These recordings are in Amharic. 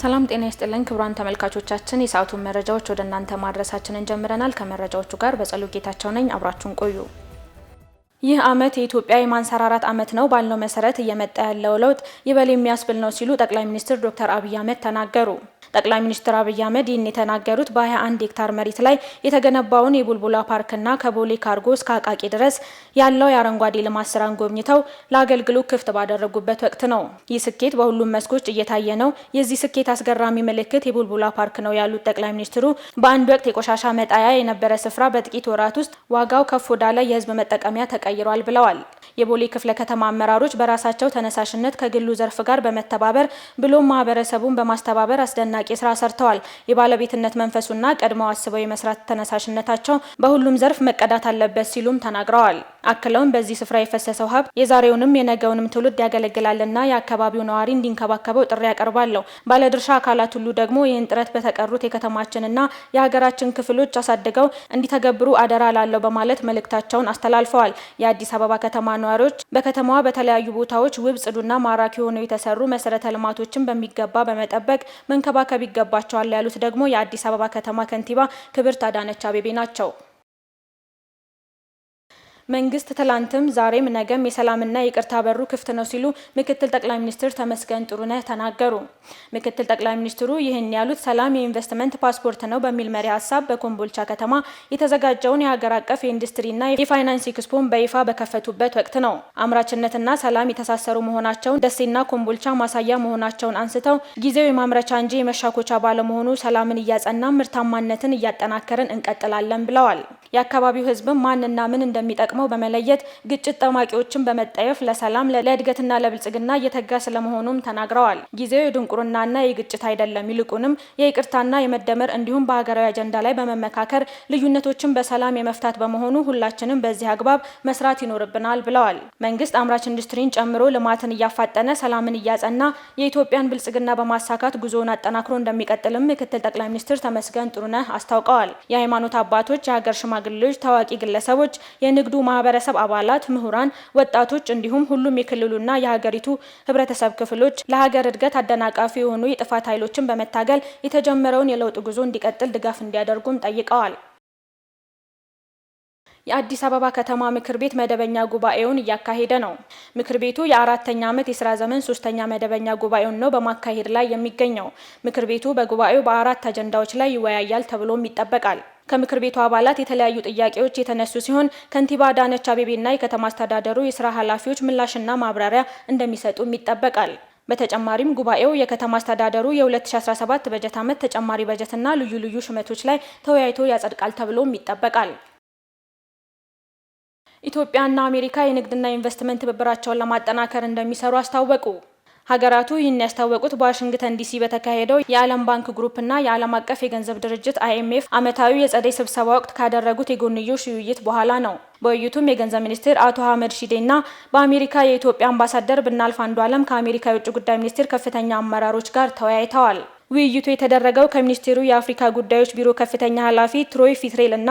ሰላም ጤና ይስጥልን ክቡራን ተመልካቾቻችን፣ የሰዓቱን መረጃዎች ወደ እናንተ ማድረሳችንን ጀምረናል። ከመረጃዎቹ ጋር በጸሎ ጌታቸው ነኝ። አብራችሁን ቆዩ። ይህ ዓመት የኢትዮጵያ የማንሰራራት ዓመት ነው ባልነው መሰረት እየመጣ ያለው ለውጥ ይበል የሚያስብል ነው ሲሉ ጠቅላይ ሚኒስትር ዶክተር አብይ አህመድ ተናገሩ። ጠቅላይ ሚኒስትር አብይ አህመድ ይህን የተናገሩት በ21 ሄክታር መሬት ላይ የተገነባውን የቡልቡላ ፓርክና ከቦሌ ካርጎ እስከ አቃቂ ድረስ ያለው የአረንጓዴ ልማት ስራን ጎብኝተው ለአገልግሎት ክፍት ባደረጉበት ወቅት ነው። ይህ ስኬት በሁሉም መስኮች እየታየ ነው፣ የዚህ ስኬት አስገራሚ ምልክት የቡልቡላ ፓርክ ነው ያሉት ጠቅላይ ሚኒስትሩ በአንድ ወቅት የቆሻሻ መጣያ የነበረ ስፍራ በጥቂት ወራት ውስጥ ዋጋው ከፍ ወዳለ የህዝብ መጠቀሚያ ተቀይሯል ብለዋል። የቦሌ ክፍለ ከተማ አመራሮች በራሳቸው ተነሳሽነት ከግሉ ዘርፍ ጋር በመተባበር ብሎም ማህበረሰቡን በማስተባበር አስደናቂ አስደናቂ ስራ ሰርተዋል። የባለቤትነት መንፈሱና ቀድመው አስበው የመስራት ተነሳሽነታቸው በሁሉም ዘርፍ መቀዳት አለበት ሲሉም ተናግረዋል። አክለውም በዚህ ስፍራ የፈሰሰው ሀብት የዛሬውንም የነገውንም ትውልድ ያገለግላልና የአካባቢው ነዋሪ እንዲንከባከበው ጥሪ ያቀርባለሁ። ባለድርሻ አካላት ሁሉ ደግሞ ይህን ጥረት በተቀሩት የከተማችንና የሀገራችን ክፍሎች አሳድገው እንዲተገብሩ አደራ ላለው በማለት መልእክታቸውን አስተላልፈዋል። የአዲስ አበባ ከተማ ነዋሪዎች በከተማዋ በተለያዩ ቦታዎች ውብ፣ ጽዱና ማራኪ ሆነው የተሰሩ መሰረተ ልማቶችን በሚገባ በመጠበቅ መንከባከብ መረከብ ይገባቸዋል ያሉት ደግሞ የአዲስ አበባ ከተማ ከንቲባ ክብርት አዳነች አቤቤ ናቸው። መንግስት ትላንትም ዛሬም ነገም የሰላምና ይቅርታ በሩ ክፍት ነው ሲሉ ምክትል ጠቅላይ ሚኒስትር ተመስገን ጥሩነህ ተናገሩ። ምክትል ጠቅላይ ሚኒስትሩ ይህን ያሉት ሰላም የኢንቨስትመንት ፓስፖርት ነው በሚል መሪ ሀሳብ በኮምቦልቻ ከተማ የተዘጋጀውን የሀገር አቀፍ የኢንዱስትሪና የፋይናንስ ኤክስፖን በይፋ በከፈቱበት ወቅት ነው። አምራችነትና ሰላም የተሳሰሩ መሆናቸውን ደሴና ኮምቦልቻ ማሳያ መሆናቸውን አንስተው ጊዜው የማምረቻ እንጂ የመሻኮቻ ባለመሆኑ ሰላምን እያጸናን ምርታማነትን እያጠናከርን እንቀጥላለን ብለዋል። የአካባቢው ህዝብም ማንና ምን እንደሚጠቅመው በመለየት ግጭት ጠማቂዎችን በመጠየፍ ለሰላም ለእድገትና ለብልጽግና እየተጋ ስለመሆኑም ተናግረዋል። ጊዜው የድንቁርናና የግጭት አይደለም፣ ይልቁንም የይቅርታና የመደመር እንዲሁም በሀገራዊ አጀንዳ ላይ በመመካከር ልዩነቶችን በሰላም የመፍታት በመሆኑ ሁላችንም በዚህ አግባብ መስራት ይኖርብናል ብለዋል። መንግስት አምራች ኢንዱስትሪን ጨምሮ ልማትን እያፋጠነ ሰላምን እያጸና የኢትዮጵያን ብልጽግና በማሳካት ጉዞውን አጠናክሮ እንደሚቀጥልም ምክትል ጠቅላይ ሚኒስትር ተመስገን ጥሩነህ አስታውቀዋል። የሃይማኖት አባቶች፣ የሀገር ሽማ ሽማግሌዎች፣ ታዋቂ ግለሰቦች፣ የንግዱ ማህበረሰብ አባላት፣ ምሁራን፣ ወጣቶች እንዲሁም ሁሉም የክልሉና የሀገሪቱ ህብረተሰብ ክፍሎች ለሀገር እድገት አደናቃፊ የሆኑ የጥፋት ኃይሎችን በመታገል የተጀመረውን የለውጥ ጉዞ እንዲቀጥል ድጋፍ እንዲያደርጉም ጠይቀዋል። የአዲስ አበባ ከተማ ምክር ቤት መደበኛ ጉባኤውን እያካሄደ ነው። ምክር ቤቱ የአራተኛ ዓመት የስራ ዘመን ሶስተኛ መደበኛ ጉባኤውን ነው በማካሄድ ላይ የሚገኘው። ምክር ቤቱ በጉባኤው በአራት አጀንዳዎች ላይ ይወያያል ተብሎም ይጠበቃል። ከምክር ቤቱ አባላት የተለያዩ ጥያቄዎች የተነሱ ሲሆን ከንቲባ አዳነች አቤቤና የከተማ አስተዳደሩ የስራ ኃላፊዎች ምላሽና ማብራሪያ እንደሚሰጡም ይጠበቃል። በተጨማሪም ጉባኤው የከተማ አስተዳደሩ የ2017 በጀት ዓመት ተጨማሪ በጀትና ልዩ ልዩ ሹመቶች ላይ ተወያይቶ ያጸድቃል ተብሎም ይጠበቃል። ኢትዮጵያና አሜሪካ የንግድና ኢንቨስትመንት ትብብራቸውን ለማጠናከር እንደሚሰሩ አስታወቁ። ሀገራቱ ይህን ያስታወቁት በዋሽንግተን ዲሲ በተካሄደው የዓለም ባንክ ግሩፕና የዓለም አቀፍ የገንዘብ ድርጅት አይኤምኤፍ ዓመታዊ የጸደይ ስብሰባ ወቅት ካደረጉት የጎንዮሽ ውይይት በኋላ ነው። በውይይቱም የገንዘብ ሚኒስትር አቶ አህመድ ሺዴና በአሜሪካ የኢትዮጵያ አምባሳደር ብናልፍ አንዱ አለም ከአሜሪካ የውጭ ጉዳይ ሚኒስቴር ከፍተኛ አመራሮች ጋር ተወያይተዋል። ውይይቱ የተደረገው ከሚኒስቴሩ የአፍሪካ ጉዳዮች ቢሮ ከፍተኛ ኃላፊ ትሮይ ፊትሬል እና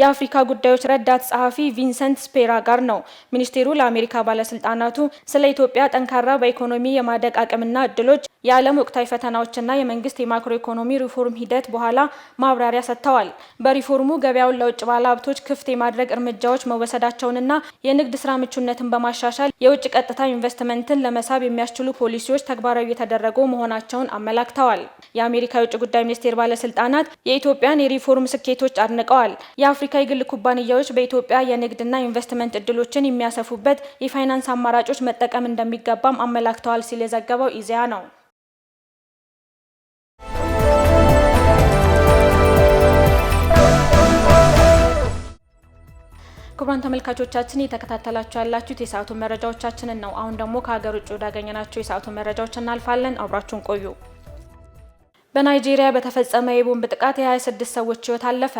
የአፍሪካ ጉዳዮች ረዳት ጸሐፊ ቪንሰንት ስፔራ ጋር ነው። ሚኒስቴሩ ለአሜሪካ ባለስልጣናቱ ስለ ኢትዮጵያ ጠንካራ በኢኮኖሚ የማደግ አቅምና እድሎች፣ የዓለም ወቅታዊ ፈተናዎችና የመንግስት የማክሮ ኢኮኖሚ ሪፎርም ሂደት በኋላ ማብራሪያ ሰጥተዋል። በሪፎርሙ ገበያውን ለውጭ ባለ ሀብቶች ክፍት የማድረግ እርምጃዎች መወሰዳቸውንና የንግድ ስራ ምቹነትን በማሻሻል የውጭ ቀጥታ ኢንቨስትመንትን ለመሳብ የሚያስችሉ ፖሊሲዎች ተግባራዊ የተደረጉ መሆናቸውን አመላክተዋል። የአሜሪካ የውጭ ጉዳይ ሚኒስቴር ባለስልጣናት የኢትዮጵያን የሪፎርም ስኬቶች አድንቀዋል። የአፍሪካ የግል ኩባንያዎች በኢትዮጵያ የንግድና ኢንቨስትመንት እድሎችን የሚያሰፉበት የፋይናንስ አማራጮች መጠቀም እንደሚገባም አመላክተዋል ሲል የዘገበው ኢዜአ ነው። ክቡራን ተመልካቾቻችን እየተከታተላችሁ ያላችሁት የሰዓቱ መረጃዎቻችንን ነው። አሁን ደግሞ ከሀገር ውጭ ወዳገኘናቸው የሰዓቱ መረጃዎች እናልፋለን። አብራችሁን ቆዩ። በናይጄሪያ በተፈጸመ የቦምብ ጥቃት የ26 ሰዎች ህይወት አለፈ።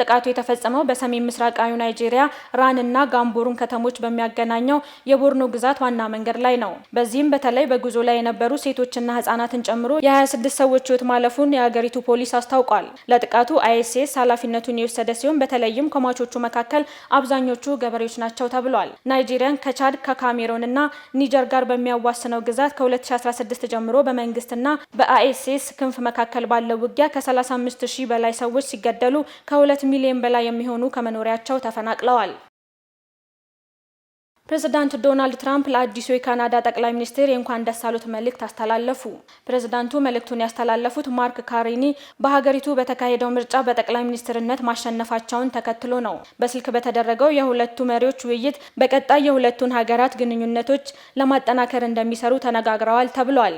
ጥቃቱ የተፈጸመው በሰሜን ምስራቃዊ ናይጄሪያ ራንና ጋምቦሩን ከተሞች በሚያገናኘው የቦርኖ ግዛት ዋና መንገድ ላይ ነው። በዚህም በተለይ በጉዞ ላይ የነበሩ ሴቶችና ህጻናትን ጨምሮ የ26 ሰዎች ህይወት ማለፉን የሀገሪቱ ፖሊስ አስታውቋል። ለጥቃቱ አይኤስኤስ ኃላፊነቱን የወሰደ ሲሆን በተለይም ከሟቾቹ መካከል አብዛኞቹ ገበሬዎች ናቸው ተብሏል። ናይጄሪያን ከቻድ ከካሜሮን እና ኒጀር ጋር በሚያዋስነው ግዛት ከ2016 ጀምሮ በመንግስትና በአይኤስኤስ ክንፍ መካከል ባለው ውጊያ ከ35 ሺህ በላይ ሰዎች ሲገደሉ ከ2 ከሁለት ሚሊዮን በላይ የሚሆኑ ከመኖሪያቸው ተፈናቅለዋል። ፕሬዚዳንት ዶናልድ ትራምፕ ለአዲሱ የካናዳ ጠቅላይ ሚኒስትር የእንኳን ደስ አሎት መልእክት አስተላለፉ። ፕሬዚዳንቱ መልእክቱን ያስተላለፉት ማርክ ካሪኒ በሀገሪቱ በተካሄደው ምርጫ በጠቅላይ ሚኒስትርነት ማሸነፋቸውን ተከትሎ ነው። በስልክ በተደረገው የሁለቱ መሪዎች ውይይት በቀጣይ የሁለቱን ሀገራት ግንኙነቶች ለማጠናከር እንደሚሰሩ ተነጋግረዋል ተብሏል።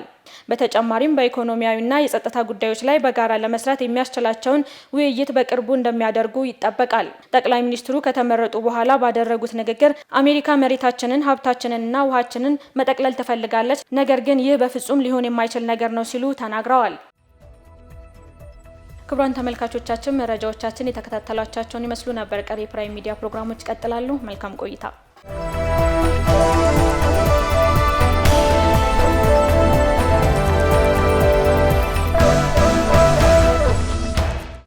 በተጨማሪም በኢኮኖሚያዊና የጸጥታ ጉዳዮች ላይ በጋራ ለመስራት የሚያስችላቸውን ውይይት በቅርቡ እንደሚያደርጉ ይጠበቃል። ጠቅላይ ሚኒስትሩ ከተመረጡ በኋላ ባደረጉት ንግግር አሜሪካ መሬታችንን፣ ሀብታችንንና ውሃችንን መጠቅለል ትፈልጋለች፣ ነገር ግን ይህ በፍጹም ሊሆን የማይችል ነገር ነው ሲሉ ተናግረዋል። ክቡራን ተመልካቾቻችን መረጃዎቻችን የተከታተሏቻቸውን ይመስሉ ነበር። ቀሪ የፕራይም ሚዲያ ፕሮግራሞች ይቀጥላሉ። መልካም ቆይታ